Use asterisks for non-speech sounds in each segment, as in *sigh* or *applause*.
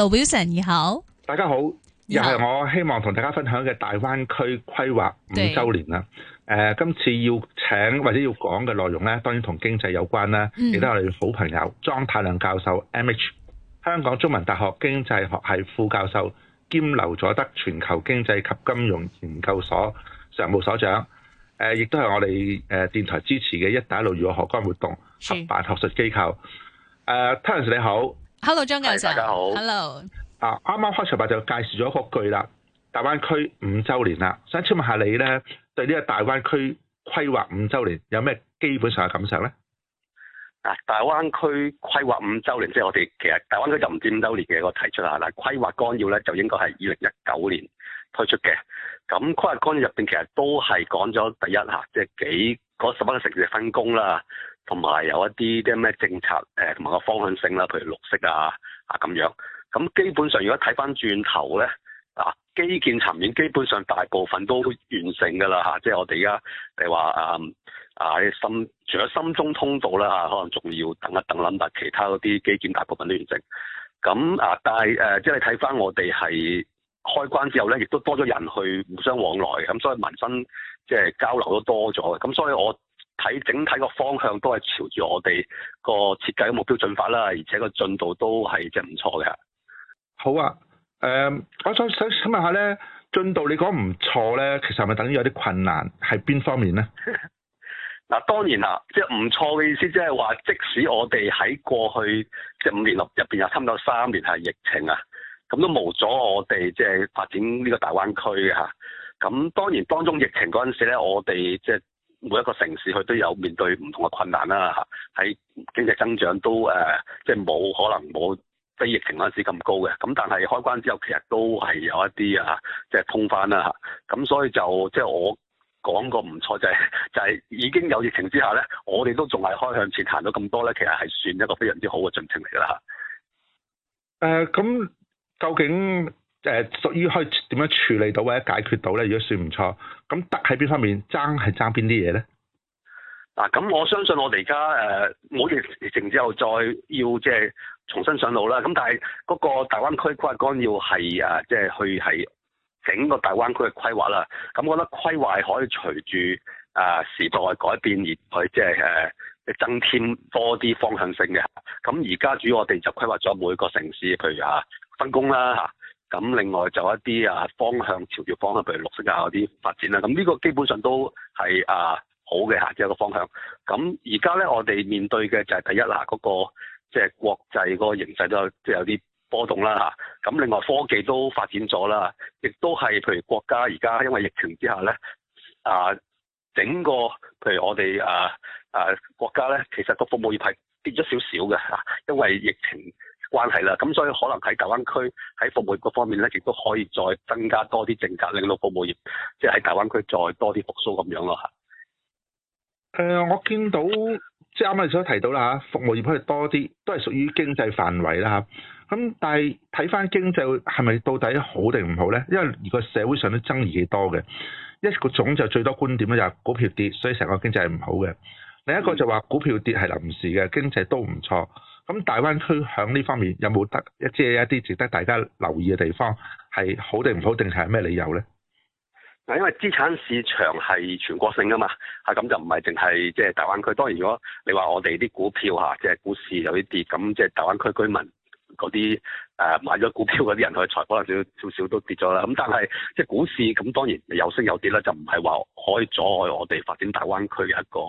劉表你，大家好，又係我希望同大家分享嘅大灣區規劃五周年啦。誒、呃，今次要請或者要講嘅內容咧，當然同經濟有關啦。亦都係我哋好朋友莊、嗯、太量教授，M H 香港中文大學經濟學系副教授，兼劉佐德全球經濟及金融研究所常務所長。誒、呃，亦都係我哋誒電台支持嘅一帶一路與我相關活動合辦學術機構。誒，Terence，你好。Hello 莊教授，大家好。Hello。啊，啱啱開場白就介紹咗一個句啦，大灣區五周年啦，想請問下你咧，對呢個大灣區規劃五周年有咩基本上嘅感受咧？啊，大灣區規劃五周年，即係我哋其實大灣區就唔知五周年嘅我提出下啦。規劃綱要咧，就應該係二零一九年推出嘅。咁規劃綱要入邊其實都係講咗第一吓、啊，即係幾嗰十蚊城市嘅分工啦。同埋有一啲啲咩政策誒，同埋個方向性啦，譬如綠色啊啊咁樣。咁基本上，如果睇翻轉頭咧，啊，基建層面基本上大部分都完成㗎啦嚇，即係我哋而家，譬如話啊啊喺、啊、除咗深中通道啦、啊、可能仲要等一等諗下其他嗰啲基建，大部分都完成。咁啊，但係誒，即係睇翻我哋係開關之後咧，亦都多咗人去互相往來，咁所以民生即係、就是、交流都多咗。咁所以我睇整體個方向都係朝住我哋個設計嘅目標進發啦，而且個進度都係真係唔錯嘅。好啊，誒、呃，我想想問下咧，進度你講唔錯咧，其實係咪等於有啲困難係邊方面咧？嗱， *laughs* 當然啦，即係唔錯嘅意思，即係話即使我哋喺過去即係五年六入邊有差唔多三年係疫情啊，咁都冇阻我哋即係發展呢個大灣區嘅嚇。咁當然當中疫情嗰陣時咧，我哋即係。每一個城市佢都有面對唔同嘅困難啦，嚇喺經濟增長都誒，即係冇可能冇非疫情嗰陣時咁高嘅。咁但係開關之後，其實都係有一啲啊，即係通翻啦，嚇咁所以就即係我講個唔錯就係就係已經有疫情之下咧，我哋都仲係開向前行咗咁多咧，其實係算一個非常之好嘅進程嚟㗎啦。誒、呃，咁究竟？誒，屬於可以點樣處理到或者解決到咧？如果算唔錯，咁得喺邊方面，爭係爭邊啲嘢咧？嗱，咁、啊、我相信我哋而家誒，冇、呃、完疫情之後，再要即係重新上路啦。咁但係嗰個大灣區規劃綱要係誒，即、就、係、是、去係整個大灣區嘅規劃啦。咁我覺得規劃係可以隨住誒、呃、時代改變而去即係誒增添多啲方向性嘅。咁而家主要我哋就規劃咗每個城市，譬如吓、啊、分工啦吓。咁另外就一啲啊方向，潮流方向，譬如綠色啊嗰啲發展啦。咁呢個基本上都係啊好嘅下嘅一個方向。咁而家咧，我哋面對嘅就係第一啦，嗰、嗰個即係、即係、國際嗰個形勢都即係有啲、即係、波動啦吓，咁另外科技都發展咗啦，亦都係譬如國家而家因為疫情之下咧啊，整個譬如我哋啊啊國家咧，其實個服務業係跌咗少少嘅、啊、因為疫情。關係啦，咁所以可能喺大灣區喺服務業嗰方面咧，亦都可以再增加多啲政策，令到服務業即係喺大灣區再多啲復甦咁樣咯。誒、呃，我見到即係啱啱你所提到啦嚇，服務業可以多啲，都係屬於經濟範圍啦嚇。咁但係睇翻經濟係咪到底好定唔好咧？因為而個社會上都爭議幾多嘅。一個種就最多觀點咧就係股票跌，所以成個經濟係唔好嘅。另一個就話股票跌係臨時嘅，經濟都唔錯。咁大灣區喺呢方面有冇得一即係一啲值得大家留意嘅地方係好定唔好定係咩理由咧？嗱，因為資產市場係全國性啊嘛，係咁就唔係淨係即係大灣區。當然，如果你話我哋啲股票嚇即係股市有啲跌，咁即係大灣區居民嗰啲誒買咗股票嗰啲人去財可能少少，少少都跌咗啦。咁但係即係股市咁當然有升有跌啦，就唔係話可以阻礙我哋發展大灣區嘅一個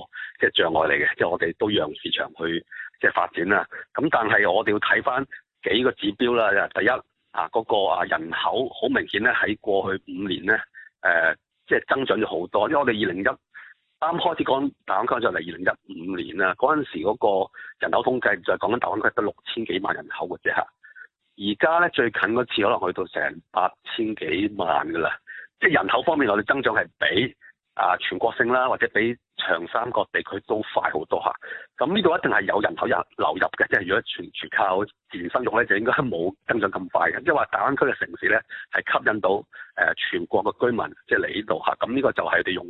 嘅障礙嚟嘅，即係我哋都讓市場去。即係發展啦，咁但係我哋要睇翻幾個指標啦。第一啊，嗰個啊人口好明顯咧，喺過去五年咧，誒即係增長咗好多。因為我哋二零一啱開始講大灣區就嚟二零一五年啦，嗰陣時嗰個人口統計就係講緊大灣區得六千幾萬人口嘅啫。而家咧，最近嗰次可能去到成八千幾萬噶啦，即係人口方面我哋增長係比。啊，全國性啦，或者比長三角地區都快好多嚇。咁呢度一定係有人口入流入嘅，即係如果全全靠自然生育咧，就應該冇增長咁快嘅。即係話大灣區嘅城市咧，係吸引到誒、呃、全國嘅居民即係嚟呢度嚇。咁呢個就係你用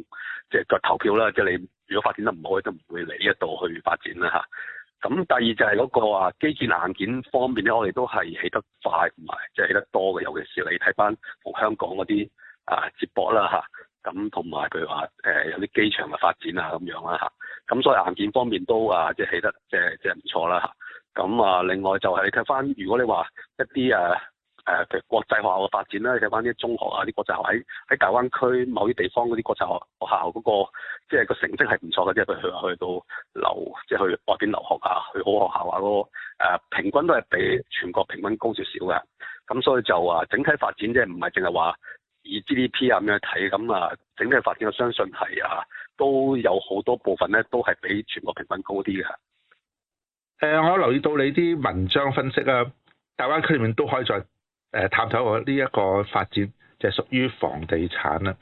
即係腳投票啦，即係你如果發展得唔好你都唔會嚟呢度去發展啦嚇。咁第二就係嗰個啊基建硬件方面咧，我哋都係起得快同埋即係起得多嘅，尤其是你睇翻同香港嗰啲啊接駁啦嚇。啊咁同埋佢話誒有啲、呃、機場嘅發展啊咁樣啦咁、啊、所以硬件方面都啊即係起得即係即係唔錯啦咁啊另外就係睇翻如果你話一啲啊誒、啊、國際學校嘅發展你睇翻啲中學啊啲國際學校喺喺大灣區某啲地方嗰啲國際學,學校嗰、嗰個即係個成績係唔錯嘅，即係佢去到留即係去外邊留學啊，去好學校啊嗰個平均都係比全國平均高少少嘅。咁、啊、所以就啊整體發展即係唔係淨係話。以 GDP 啊咁樣睇，咁啊整體發展，我相信係啊都有好多部分咧，都係比全國平均高啲嘅。誒、呃，我留意到你啲文章分析啊，大灣區裏面都可以再誒、呃、探討下呢一個發展，就係、是、屬於房地產啦。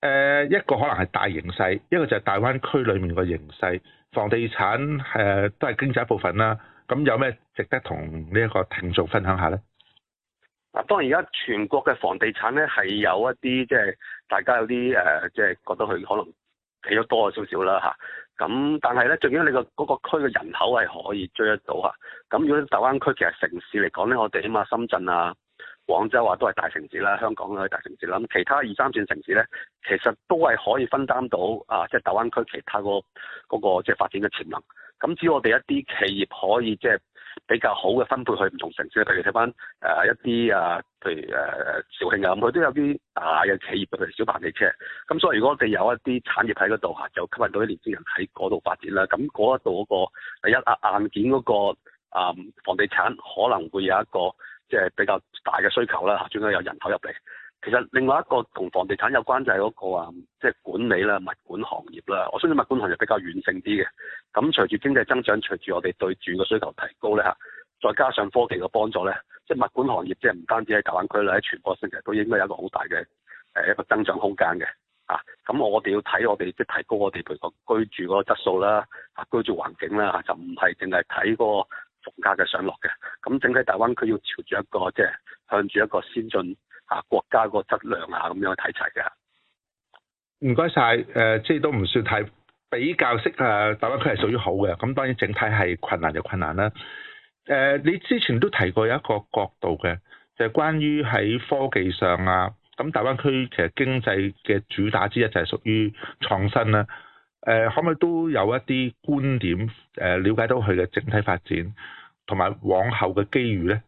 誒、呃，一個可能係大形勢，一個就係大灣區裏面個形勢。房地產誒、呃、都係經濟一部分啦、啊。咁有咩值得同呢一個聽眾分享一下咧？嗱，當然而家全國嘅房地產咧，係有一啲即係大家有啲誒，即、呃、係、就是、覺得佢可能起咗多咗少少啦嚇。咁、啊、但係咧，最緊要你個嗰個區嘅人口係可以追得到嚇。咁、啊、如果大灣區其實城市嚟講咧，我哋起碼深圳啊、廣州啊都係大城市啦、啊，香港都係大城市啦、啊。咁其他二三線城市咧，其實都係可以分擔到啊，即係大灣區其他的、那個嗰、那個即係發展嘅潛能。咁只要我哋一啲企業可以即係，就是比較好嘅分配去唔同城市，例如睇翻誒一啲啊，譬如誒肇慶啊，咁佢都有啲大嘅企業，譬如小鵬汽車，咁所以如果我哋有一啲產業喺嗰度嚇，就吸引到啲年輕人喺嗰度發展啦。咁嗰一度嗰個第一啊硬件嗰、那個啊、嗯、房地產可能會有一個即係、就是、比較大嘅需求啦嚇，再加上有人口入嚟。其實另外一個同房地產有關就係嗰、那個啊，即、就、係、是、管理啦、物管行業啦。我相信物管行業比較軟性啲嘅。咁隨住經濟增長、隨住我哋對住嘅需求提高咧嚇，再加上科技嘅幫助咧，即係物管行業即係唔單止喺大灣區啦，喺全國性其實都應該有一個好大嘅誒一個增長空間嘅。啊，咁我哋要睇我哋即係提高我哋譬如個居住嗰個質素啦，啊居住環境啦嚇，就唔係淨係睇嗰個房價嘅上落嘅。咁整體大灣區要朝住一個即係向住一個先進。啊！國家個質量啊，咁樣去睇齊嘅。唔該晒，誒、呃，即係都唔算太比較式啊。大灣區係屬於好嘅，咁當然整體係困難就困難啦。誒、呃，你之前都提過有一個角度嘅，就係、是、關於喺科技上啊，咁大灣區其實經濟嘅主打之一就係屬於創新啦、啊。誒、呃，可唔可以都有一啲觀點誒，瞭、呃、解到佢嘅整體發展同埋往後嘅機遇咧？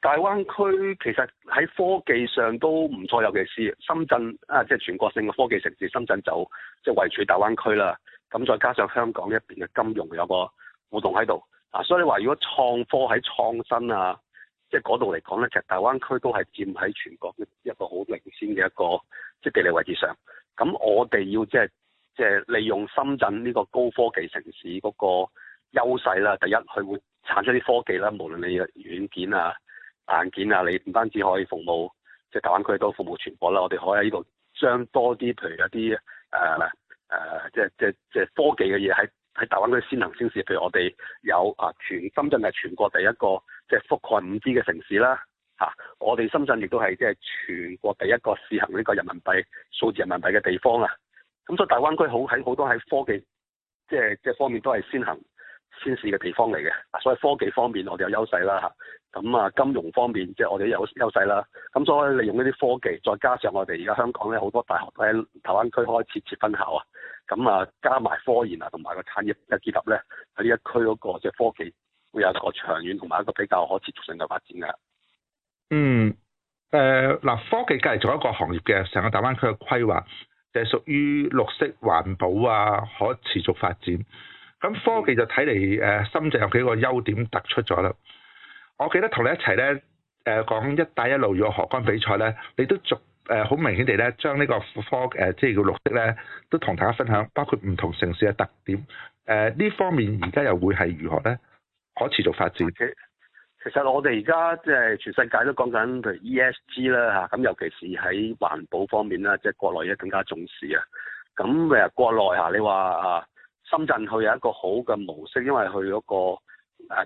大灣區其實喺科技上都唔錯，尤其是深圳啊，即係全國性嘅科技城市，深圳就即係位處大灣區啦。咁再加上香港一邊嘅金融有個互動喺度，嗱、啊，所以你話如果創科喺創新啊，即係嗰度嚟講咧，其實大灣區都係佔喺全國一一個好領先嘅一個即係地理位置上。咁我哋要即係即係利用深圳呢個高科技城市嗰個優勢啦、啊。第一，佢會產出啲科技啦，無論你嘅軟件啊。硬件啊，你唔單止可以服務即係大灣區，都服務全國啦，我哋可以喺呢度將多啲譬如一啲誒誒，即係即係即係科技嘅嘢喺喺大灣區先行先試。譬如我哋有啊，全深圳係全國第一個即係覆蓋五 G 嘅城市啦嚇，我哋深圳亦都係即係全國第一個試行呢個人民幣數字人民幣嘅地方啊。咁所以大灣區好喺好多喺科技即係即係方面都係先行。先試嘅地方嚟嘅，所以科技方面我哋有優勢啦嚇。咁啊，金融方面即係我哋有優勢啦。咁所以利用呢啲科技，再加上我哋而家香港咧好多大學都喺大灣區開設設分校啊。咁啊，加埋科研啊同埋個產業嘅結合咧，喺呢一區嗰個即係科技會有一個長遠同埋一個比較可持續性嘅發展嘅。嗯，誒、呃、嗱，科技梗係做一個行業嘅，成個大灣區嘅規劃就係、是、屬於綠色環保啊，可持續發展。咁科技就睇嚟誒，深圳有幾個優點突出咗啦。我記得同你一齊咧誒講一帶一路與河江比賽咧，你都逐誒好明顯地咧，將呢個科誒即係叫綠色咧，都同大家分享，包括唔同城市嘅特點。誒、呃、呢方面而家又會係如何咧？可持續發展？Okay. 其實我哋而家即係全世界都講緊譬如 ESG 啦嚇，咁尤其是喺環保方面啦，即係國內咧更加重視啊。咁誒國內嚇，你話啊？深圳佢有一個好嘅模式，因為佢嗰個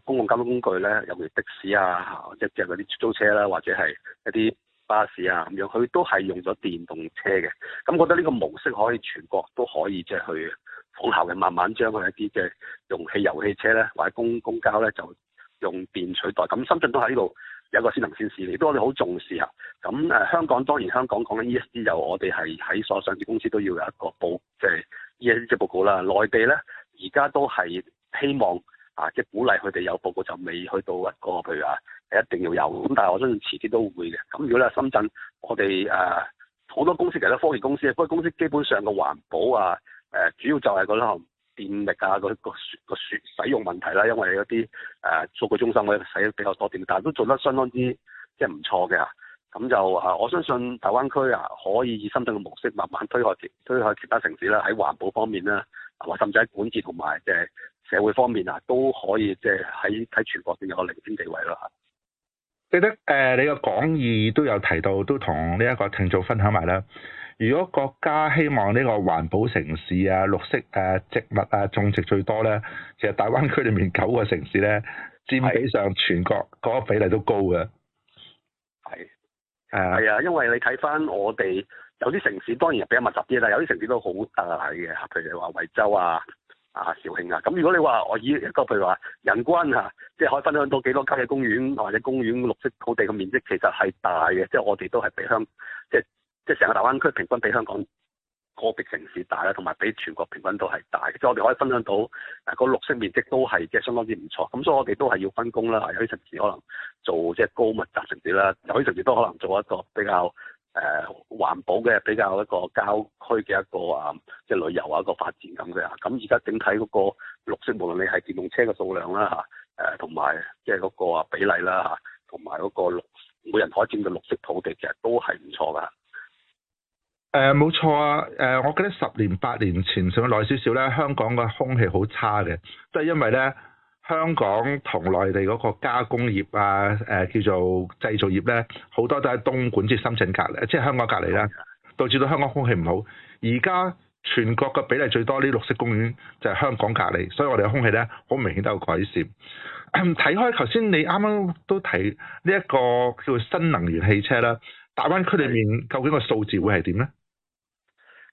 公共交通工具咧，尤其的士啊，即係嗰啲出租車啦、啊，或者係一啲巴士啊咁樣，佢都係用咗電動車嘅。咁覺得呢個模式可以全國都可以即係去仿效嘅，慢慢將佢一啲嘅用汽油汽車咧，或者公公交咧就用電取代。咁深圳都喺呢度有一個先行先試，亦都我哋好重視啊。咁香港當然香港講緊 E S G 由，我哋係喺所上市公司都要有一個報即、即係呢隻報告啦，內地咧而家都係希望啊，即係鼓勵佢哋有報告，就未去到話、那、嗰個譬如啊係一定要有咁，但係我相信遲啲都會嘅。咁如果咧深圳，我哋誒好多公司其實科技公司，科技公司基本上個環保啊誒、啊，主要就係嗰啲電力啊嗰、那個、那個那個使用問題啦、啊，因為有啲誒數據中心咧使得比較多電，但係都做得相當之即係唔錯嘅。咁就啊，我相信大灣區啊，可以以深圳嘅模式慢慢推開，推開其他城市啦、啊。喺環保方面咧、啊，或、啊、甚至喺管治同埋即係社會方面啊，都可以即係喺喺全國性有個領先地位咯、啊、吓。記得誒、呃，你個講義都有提到，都同呢一個聽眾分享埋啦。如果國家希望呢個環保城市啊、綠色誒、啊、植物啊種植最多咧，其實大灣區裏面九個城市咧，占比上全國嗰個比例都高嘅。係、uh, 啊，因為你睇翻我哋有啲城市當然比較密集啲，但有啲城市都好大嘅，譬如話惠州啊、啊肇慶啊。咁如果你話我以一個譬如話人均啊，即、就、係、是、可以分享到幾多間嘅公園或者公園綠色土地嘅面積，其實係大嘅，即、就、係、是、我哋都係比香，即係即係成個大灣區平均比香港。個別城市大啦，同埋比全國平均度係大，即係我哋可以分享到誒個綠色面積都係即係相當之唔錯，咁所以我哋都係要分工啦。有啲城市可能做即係高密集城市啦，有啲城市都可能做一個比較誒環保嘅比較一個郊區嘅一個啊，即係旅遊啊一個發展咁嘅。咁而家整體嗰個綠色，無論你係電動車嘅數量啦嚇，誒同埋即係嗰個比例啦嚇，同埋嗰個綠每人可佔嘅綠色土地其實都係唔錯㗎。誒、呃，冇錯啊！誒，我記得十年八年前，上至耐少少咧，香港個空氣好差嘅，都係因為咧香港同內地嗰個加工業啊，誒、呃，叫做製造業咧，好多都喺東莞即深圳隔籬，即係香港隔籬啦，導致到香港空氣唔好。而家全國嘅比例最多呢，綠色公園就係香港隔籬，所以我哋嘅空氣咧好明顯都有改善。睇開頭先，看看你啱啱都提呢一個叫做新能源汽車啦，大灣區裏面究竟個數字會係點咧？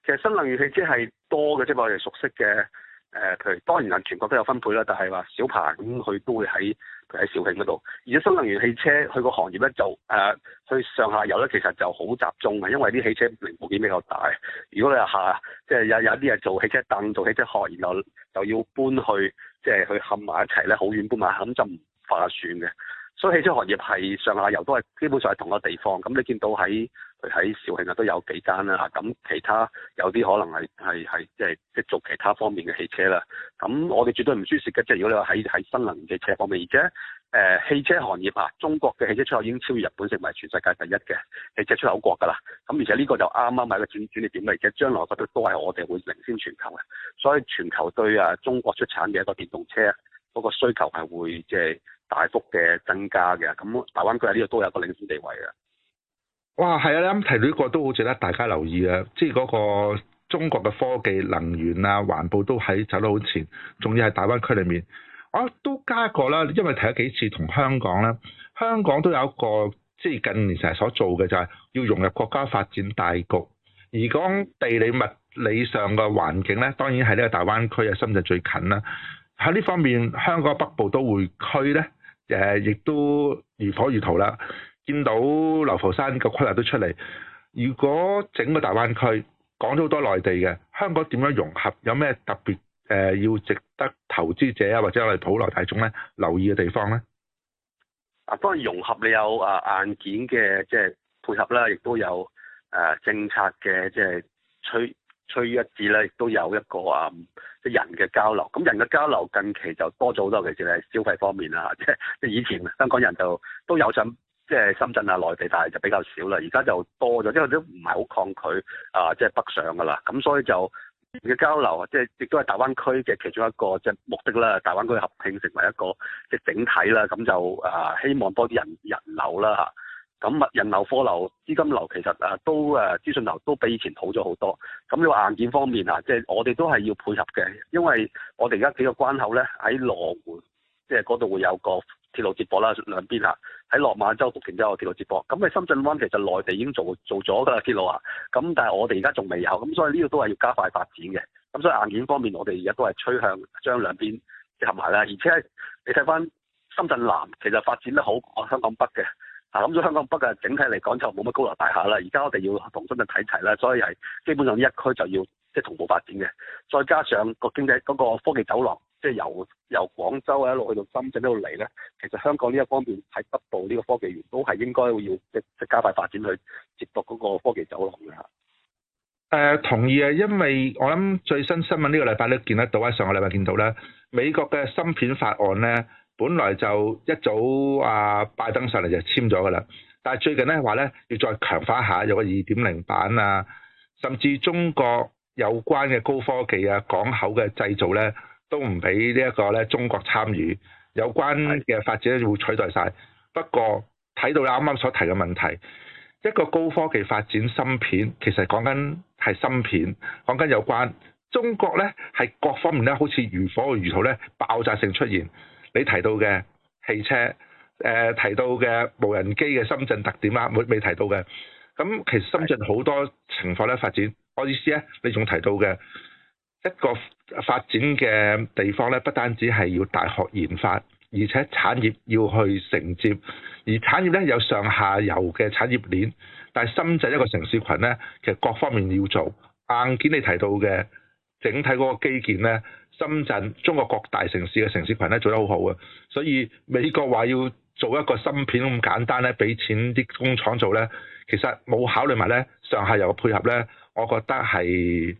其實新能源汽車係多嘅即嘛，我哋熟悉嘅誒，譬、呃、如當然啦，全國都有分配啦，但係話小鵬咁佢都會喺譬喺肇慶嗰度。而家新能源汽車佢個行業咧就誒，佢、呃、上下游咧其實就好集中嘅，因為啲汽車零部件比較大。如果你話下即係、就是、有有啲係做汽車凳，做汽車殼，然後又要搬去即係、就是、去冚埋一齊咧，好遠搬埋，咁就唔划算嘅。所以汽車行業係上下游都係基本上係同一個地方。咁你見到喺。佢喺肇慶啊，都有幾間啦嚇，咁其他有啲可能係係係即係即係做其他方面嘅汽車啦。咁我哋絕對唔輸蝕嘅，即係如果你話喺喺新能源汽車方面，而家誒、呃、汽車行業啊，中國嘅汽車出口已經超越日本，成為全世界第一嘅汽車出口國噶啦。咁而且呢個就啱啱係一個轉轉捩點嚟嘅。而且將來覺得都係我哋會領先全球嘅。所以全球對啊中國出產嘅一個電動車嗰個需求係會即係大幅嘅增加嘅。咁大灣區喺呢度都有一個領先地位嘅。哇，係啊！你啱提到呢個都好值得大家留意啊，即係嗰個中國嘅科技、能源啊、環保都喺走得好前，仲要喺大灣區裏面，我都加過啦，因為提咗幾次同香港咧，香港都有一個即係、就是、近年成日所做嘅就係、是、要融入國家發展大局。而講地理物理上嘅環境咧，當然係呢個大灣區啊，深圳最近啦。喺呢方面，香港北部都會區咧，誒亦都如火如荼啦。見到流浮山個規劃都出嚟，如果整個大灣區講咗好多內地嘅，香港點樣融合？有咩特別誒、呃、要值得投資者啊，或者我哋普羅大眾咧留意嘅地方咧？啊，當然融合你有誒、啊、硬件嘅即係配合啦，亦都有誒、啊、政策嘅即係趨趨於一致啦，亦都有一個啊即係人嘅交流。咁人嘅交流近期就多咗好多，其實喺消費方面啦嚇、啊，即係以前香港人就都有上。即係深圳啊，內地但係就比較少啦，而家就多咗，因為都唔係好抗拒啊，即係北上㗎啦。咁所以就嘅交流，即係亦都係大灣區嘅其中一個即係目的啦。大灣區合併成為一個即係整體啦，咁就啊希望多啲人人流啦。咁啊人流、貨流、資金流其實啊都啊資訊流都比以前好咗好多。咁你話硬件方面啊，即係我哋都係要配合嘅，因為我哋而家幾個關口咧喺羅湖，即係嗰度會有個。鐵路接駁啦，兩邊啊，喺落馬洲、福田都有鐵路接駁。咁喺深圳灣其實內地已經做做咗㗎啦，鐵路啊。咁但係我哋而家仲未有，咁所以呢個都係要加快發展嘅。咁所以硬件方面，我哋而家都係趨向將兩邊合埋啦。而且你睇翻深圳南其實發展得好，香港北嘅。咁咗香港北嘅整體嚟講就冇乜高樓大廈啦。而家我哋要同深圳睇齊啦，所以係基本上一區就要即係同步發展嘅。再加上個經濟嗰個科技走廊。即係由由廣州一路去到深圳一路嚟咧，其實香港呢一方面喺北部呢個科技園都係應該要即即加快發展去接觸嗰個科技走廊㗎吓。誒，同意啊，因為我諗最新新聞呢個禮拜都見得到啊，上個禮拜見到咧，美國嘅芯片法案咧，本來就一早阿、啊、拜登上嚟就簽咗噶啦，但係最近咧話咧要再強化下，有個二點零版啊，甚至中國有關嘅高科技啊、港口嘅製造咧。都唔俾呢一個咧中國參與有關嘅發展，會取代晒。不過睇到你啱啱所提嘅問題，一個高科技發展芯片，其實講緊係芯片，講緊有關中國呢係各方面呢好似如火如荼呢爆炸性出現。你提到嘅汽車，誒、呃、提到嘅無人機嘅深圳特點啦，未未提到嘅，咁其實深圳好多情況咧發展。我意思咧，你仲提到嘅。一個發展嘅地方咧，不單止係要大學研發，而且產業要去承接，而產業咧有上下游嘅產業鏈。但係深圳一個城市群咧，其實各方面要做硬件，你提到嘅整體嗰個基建咧，深圳中國各大城市嘅城市群咧做得好好啊。所以美國話要做一個芯片咁簡單咧，俾錢啲工廠做咧，其實冇考慮埋咧上下游嘅配合咧，我覺得係。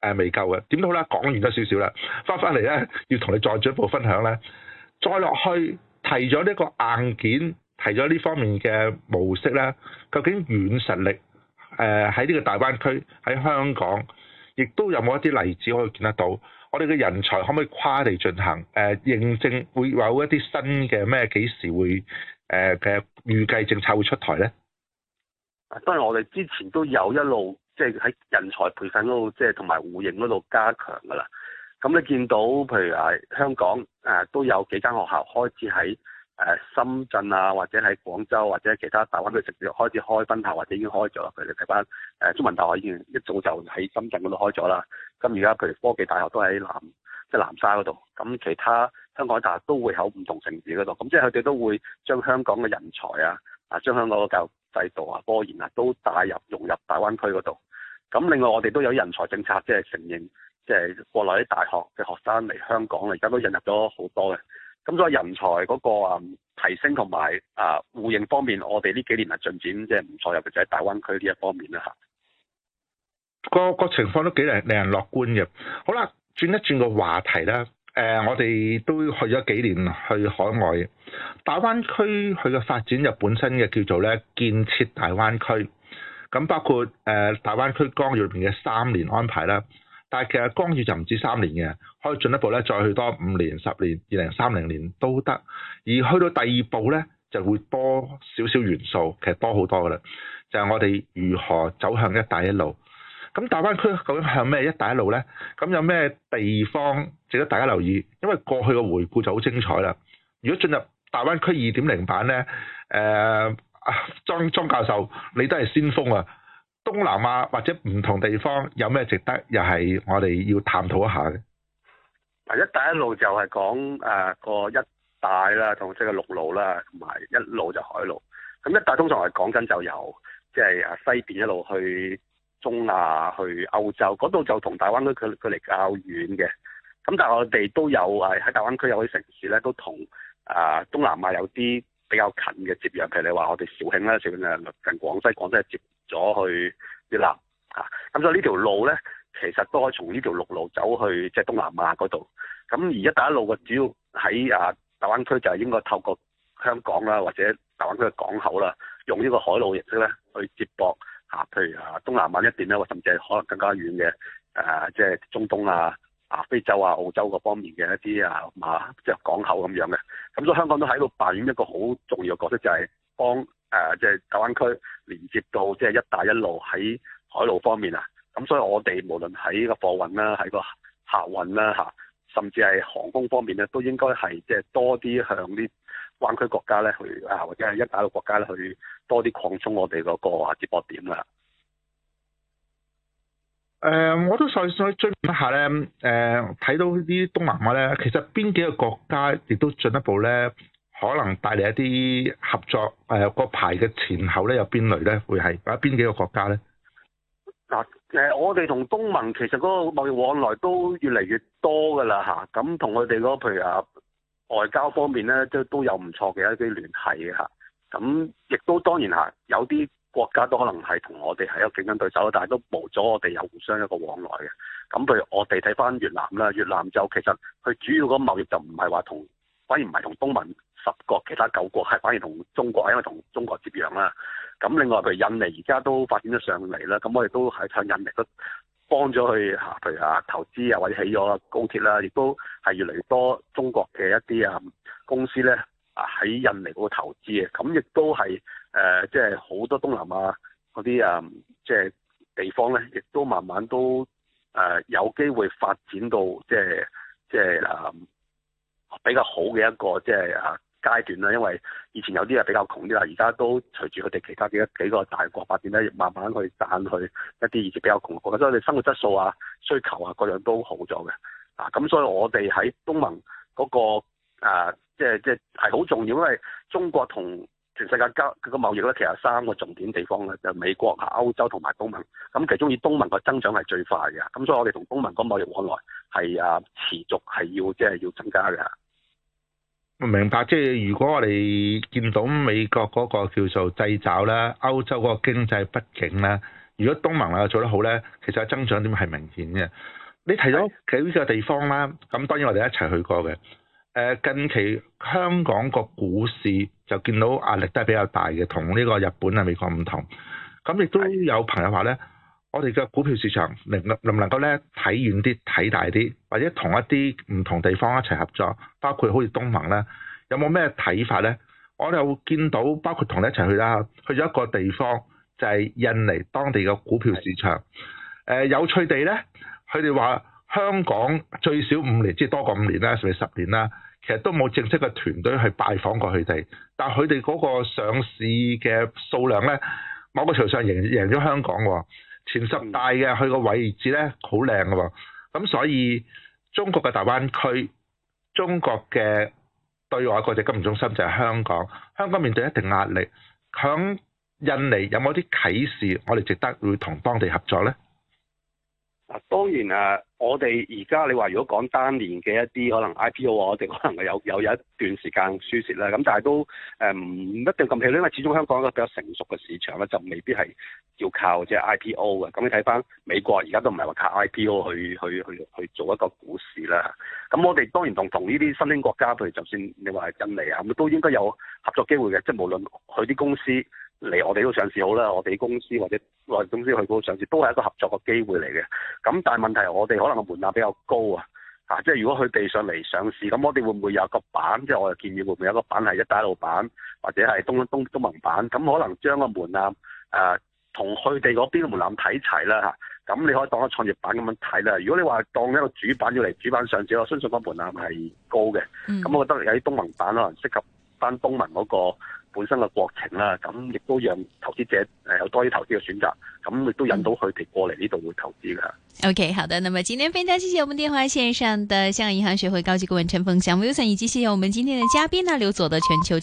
誒，未夠嘅，點都好啦，講完咗少少啦，翻翻嚟咧，要同你再進一步分享咧，再落去提咗呢個硬件，提咗呢方面嘅模式咧，究竟軟實力誒喺呢個大灣區，喺香港，亦都有冇一啲例子可以見得到？我哋嘅人才可唔可以跨地進行？誒、呃，認證會有一啲新嘅咩？幾時會誒嘅、呃、預計政策會出台咧？當然，我哋之前都有一路。即係喺人才培訓嗰度，即係同埋互認嗰度加強㗎啦。咁你見到，譬如話、啊、香港誒、啊、都有幾間學校開始喺誒、啊、深圳啊，或者喺廣州或者其他大灣區直接開始開分校，或者已經開咗啦。譬如你睇翻誒中文大學已經一早就喺深圳嗰度開咗啦。咁而家譬如科技大學都喺南即係南沙嗰度。咁其他香港大學都會喺唔同城市嗰度。咁即係佢哋都會將香港嘅人才啊、啊、啊將香港嘅教育制度啊、科研啊都帶入融入大灣區嗰度。咁另外我哋都有人才政策，即係承認，即係國內啲大學嘅學生嚟香港，而家都引入咗好多嘅。咁所以人才嗰、那個啊、嗯、提升同埋啊互認方面，我哋呢幾年係進展即係唔錯，尤其就喺大灣區呢一方面啦吓。個個情況都幾令令人樂觀嘅。好啦，轉一轉個話題啦。誒、呃，我哋都去咗幾年去海外，大灣區佢嘅發展就本身嘅叫做咧建設大灣區。咁包括誒大灣區綱要入邊嘅三年安排啦，但係其實綱要就唔止三年嘅，可以進一步咧再去多五年、十年、二零三零年都得。而去到第二步咧，就會多少少元素，其實多好多㗎啦。就係、是、我哋如何走向一帶一路。咁大灣區究竟向咩一帶一路咧？咁有咩地方值得大家留意？因為過去嘅回顧就好精彩啦。如果進入大灣區二點零版咧，誒、呃。啊，莊莊教授，你都係先鋒啊！東南亞或者唔同地方有咩值得，又係我哋要探討一下咧？嗱，一帶一路就係講誒個一帶啦，同即係陸路啦，同埋一路就海路。咁一帶通常係講緊就由即係誒西邊一路去中亞、去歐洲，嗰度就同大灣區佢距離較遠嘅。咁但係我哋都有誒喺大灣區有啲城市咧，都同誒東南亞有啲。比較近嘅接壤，譬如你話我哋肇慶啦，肇慶誒近廣西，廣西接咗去越南咁、啊、所以呢條路咧，其實都可以從呢條陸路走去即係、就是、東南亞嗰度。咁、啊、而一帶一路嘅主要喺啊大灣區就係應該透過香港啦，或者大灣區嘅港口啦、啊，用呢個海路形式咧去接駁譬、啊、如啊東南亞一邊咧，或甚至係可能更加遠嘅誒，即、啊、係、就是、中東啊。啊，非洲啊、澳洲嗰方面嘅一啲啊，即、啊、係、啊就是、港口咁樣嘅，咁所以香港都喺度扮演一個好重要嘅角色，就係、是、幫誒即係大灣區連接到即係一帶一路喺海路方面啊，咁所以我哋無論喺個貨運啦、啊、喺個客運啦、啊啊、甚至係航空方面咧，都應該係即係多啲向啲灣區國家咧去啊，或者係一帶一路國家咧去多啲擴充我哋嗰、那個接駁、啊、點啦。誒、嗯，我都再再追問一下咧。誒、嗯，睇到啲東南亞咧，其實邊幾個國家亦都進一步咧，可能帶嚟一啲合作。誒、呃，個排嘅前後咧有邊類咧會係啊？邊幾個國家咧？嗱，誒，我哋同東盟其實嗰個貿易往來都越嚟越多噶啦吓。咁同佢哋嗰，譬如啊外交方面咧，都都有唔錯嘅一啲聯繫吓。咁亦都當然係有啲。國家都可能係同我哋係一個競爭對手，但係都無咗我哋有互相一個往來嘅。咁譬如我哋睇翻越南啦，越南就其實佢主要個貿易就唔係話同，反而唔係同東盟十國其他九國係，反而同中國，因為同中國接壤啦。咁另外譬如印尼而家都發展咗上嚟啦，咁我哋都係向印尼都幫咗佢吓，譬如投資啊，或者起咗高鐵啦，亦都係越嚟越多中國嘅一啲啊公司呢。喺印尼嗰個投資啊，咁亦都係誒，即係好多東南亞嗰啲啊，即、嗯、係、就是、地方咧，亦都慢慢都誒、呃、有機會發展到即係即係啊比較好嘅一個即係、就是、啊階段啦。因為以前有啲啊比較窮啲啦，而家都隨住佢哋其他幾幾個大國發展咧，慢慢去賺去一啲以前比較窮嘅國家，所以佢哋生活質素啊、需求啊各樣都好咗嘅。啊，咁所以我哋喺東盟嗰、那個、啊即係即係係好重要，因為中國同全世界交個貿易咧，其實有三個重點地方咧，就係、美國、啊歐洲同埋東盟。咁其中以東盟個增長係最快嘅，咁所以我哋同東盟個貿易往來係啊持續係要即係、就係、要增加嘅。明白，即係如果我哋見到美國嗰個叫做製造啦、歐洲嗰個經濟不景啦，如果東盟啊做得好咧，其實增長點係明顯嘅。你提到呢個地方啦，咁當然我哋一齊去過嘅。誒近期香港個股市就見到壓力都係比較大嘅，同呢個日本啊、美國唔同。咁亦都有朋友話咧，我哋嘅股票市場能能唔能夠咧睇遠啲、睇大啲，或者同一啲唔同地方一齊合作，包括好似東盟咧，有冇咩睇法咧？我哋有見到，包括同你一齊去啦，去咗一個地方就係、是、印尼當地嘅股票市場。誒、呃、有趣地咧，佢哋話香港最少五年，即係多過五年啦，甚至十年啦。其實都冇正式嘅團隊去拜訪過佢哋，但係佢哋嗰個上市嘅數量呢，某個程度上贏贏咗香港喎。前十大嘅佢個位置呢，好靚嘅喎，咁所以中國嘅大灣區、中國嘅對外國際金融中心就係香港。香港面對一定壓力，響印尼有冇啲啟示，我哋值得會同當地合作呢？嗱，當然誒、啊，我哋而家你話如果講單年嘅一啲可能 IPO，我哋可能有有有一段時間輸蝕啦，咁但係都誒唔、嗯、一定咁㗋，因為始終香港一個比較成熟嘅市場咧，就未必係要靠即係 IPO 嘅。咁你睇翻美國而家都唔係話靠 IPO 去去去去做一個股市啦。咁我哋當然同同呢啲新興國家，譬如就算你話係印尼啊，咁都應該有合作機會嘅。即係無論佢啲公司。嚟我哋都上市好啦，我哋公司或者我哋公司去嗰度上市都係一個合作嘅機會嚟嘅。咁但係問題，我哋可能個門檻比較高啊。嚇，即係如果佢地上嚟上市，咁我哋會唔會有個板？即係我又建議會唔會有個板係一帶一路板，或者係東東東，東盟板？咁可能將個門檻誒同佢哋嗰邊個門檻睇齊啦嚇。咁你可以當個創業板咁樣睇啦。如果你話當一個主板要嚟主板上市，我相信個門檻係高嘅。咁、嗯、我覺得有啲東盟板可能適合翻東盟嗰、那個。本身嘅國情啦，咁亦都讓投資者誒有多啲投資嘅選擇，咁亦都引到佢哋過嚟呢度會投資嘅、嗯。OK，好的，咁啊，今天非常感謝，謝我們，電話線上的香港銀行學會，高級顧問陳鳳祥 Wilson，以及謝謝我們今天嘅嘉賓啊，劉佐德全球